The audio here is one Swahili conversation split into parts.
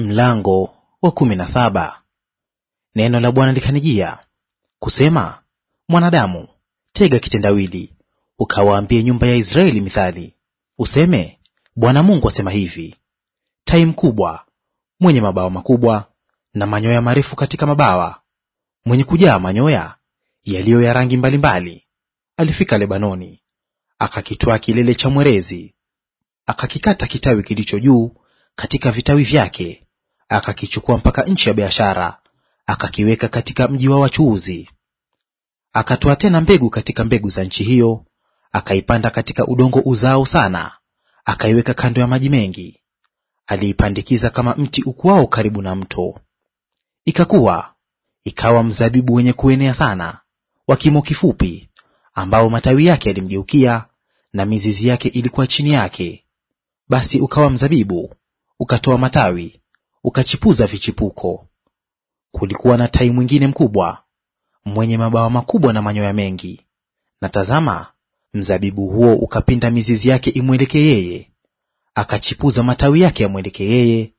Mlango wa kumi na saba. Neno la Bwana likanijia kusema, mwanadamu, tega kitendawili, ukawaambie nyumba ya Israeli mithali, useme, Bwana Mungu asema hivi: tai mkubwa mwenye mabawa makubwa na manyoya marefu katika mabawa, mwenye kujaa manyoya yaliyo ya rangi mbalimbali, alifika Lebanoni, akakitwaa kilele cha mwerezi, akakikata kitawi kilicho juu katika vitawi vyake akakichukua mpaka nchi ya biashara, akakiweka katika mji wa wachuuzi. Akatoa tena mbegu katika mbegu za nchi hiyo, akaipanda katika udongo uzao sana, akaiweka kando ya maji mengi, aliipandikiza kama mti ukuao karibu na mto. Ikakuwa ikawa mzabibu wenye kuenea sana, wa kimo kifupi, ambao matawi yake yalimgeukia na mizizi yake ilikuwa chini yake. Basi ukawa mzabibu, ukatoa matawi ukachipuza vichipuko. Kulikuwa na tai mwingine mkubwa mwenye mabawa makubwa na manyoya mengi, na tazama, mzabibu huo ukapinda mizizi yake imwelekee yeye, akachipuza matawi yake yamwelekee yeye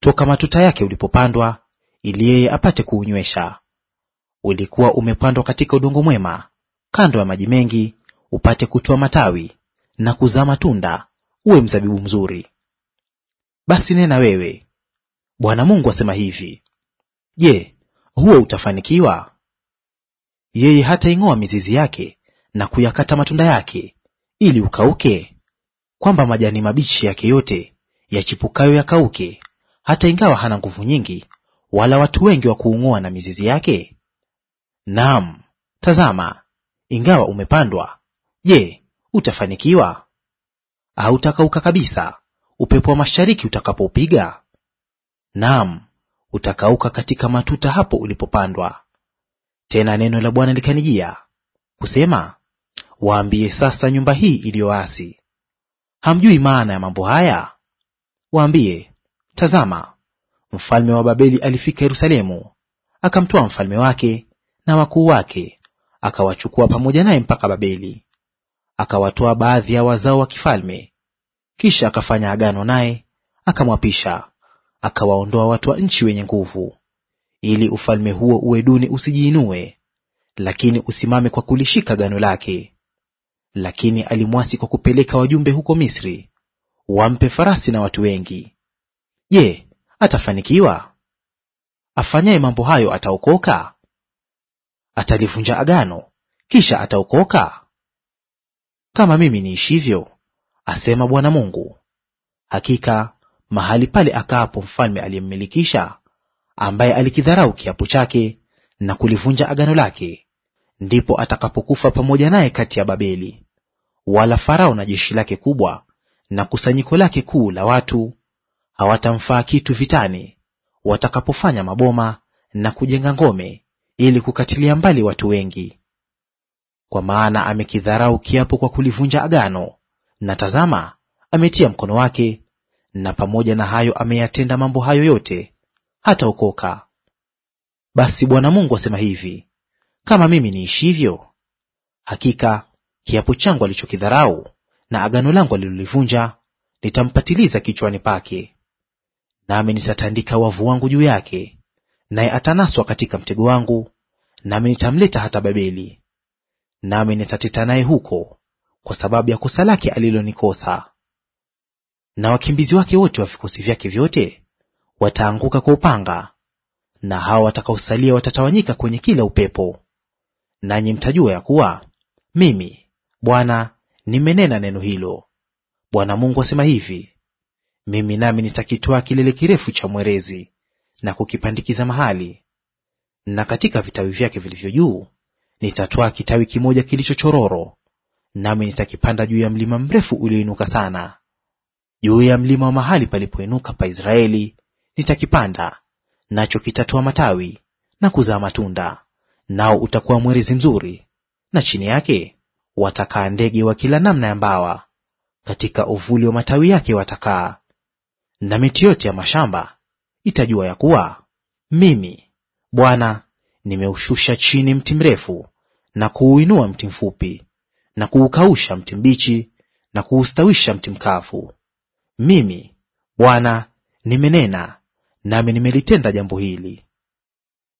toka matuta yake ulipopandwa, ili yeye apate kuunywesha. Ulikuwa umepandwa katika udongo mwema, kando ya maji mengi, upate kutoa matawi na kuzaa matunda, uwe mzabibu mzuri. Basi nena wewe, Bwana Mungu asema hivi, je, huo utafanikiwa? Yeye hataing'oa mizizi yake na kuyakata matunda yake ili ukauke, kwamba majani mabichi yake yote yachipukayo yakauke, hata ingawa hana nguvu nyingi, wala watu wengi wa kuung'oa na mizizi yake? Naam, tazama, ingawa umepandwa, je, utafanikiwa? Hautakauka kabisa, upepo wa mashariki utakapoupiga naam, utakauka katika matuta hapo ulipopandwa. Tena neno la Bwana likanijia kusema, waambie sasa nyumba hii iliyoasi, hamjui maana ya mambo haya? Waambie, tazama, mfalme wa Babeli alifika Yerusalemu, akamtoa mfalme wake na wakuu wake, akawachukua pamoja naye mpaka Babeli, akawatoa baadhi ya wazao wa kifalme, kisha akafanya agano naye, akamwapisha akawaondoa watu wa nchi wenye nguvu, ili ufalme huo uwe duni usijiinue, lakini usimame kwa kulishika gano lake. Lakini alimwasi kwa kupeleka wajumbe huko Misri wampe farasi na watu wengi. Je, atafanikiwa? Afanyaye mambo hayo ataokoka? Atalivunja agano kisha ataokoka? Kama mimi niishivyo, asema Bwana Mungu, hakika mahali pale akaapo mfalme aliyemmilikisha, ambaye alikidharau kiapo chake na kulivunja agano lake, ndipo atakapokufa pamoja naye kati ya Babeli. Wala Farao na jeshi lake kubwa na kusanyiko lake kuu la watu hawatamfaa kitu vitani, watakapofanya maboma na kujenga ngome ili kukatilia mbali watu wengi. Kwa maana amekidharau kiapo kwa kulivunja agano, na tazama, ametia mkono wake na pamoja na hayo ameyatenda mambo hayo yote, hataokoka. Basi Bwana Mungu asema hivi, kama mimi niishivyo, hakika kiapo changu alichokidharau na agano langu alilolivunja nitampatiliza kichwani pake, nami nitatandika wavu wangu juu yake, naye atanaswa katika mtego wangu, nami nitamleta hata Babeli, nami nitateta naye huko kwa sababu ya kosa lake alilonikosa na wakimbizi wake wote wa vikosi vyake vyote wataanguka kwa upanga, na hao watakaosalia watatawanyika kwenye kila upepo. Nanyi mtajua ya kuwa mimi Bwana nimenena neno hilo. Bwana Mungu asema hivi, mimi nami nitakitoa kilele kirefu cha mwerezi na kukipandikiza mahali, na katika vitawi vyake vilivyo juu nitatoa kitawi kimoja kilichochororo, nami nitakipanda juu ya mlima mrefu ulioinuka sana juu ya mlima wa mahali palipoinuka pa Israeli nitakipanda, nacho kitatoa matawi na kuzaa matunda, nao utakuwa mwerezi mzuri, na chini yake watakaa ndege wa kila namna ya mbawa, katika uvuli wa matawi yake watakaa. Na miti yote ya mashamba itajua ya kuwa mimi Bwana nimeushusha chini mti mrefu na kuuinua mti mfupi, na kuukausha mti mbichi na kuustawisha mti mkavu. Mimi Bwana nimenena, nami nimelitenda jambo hili.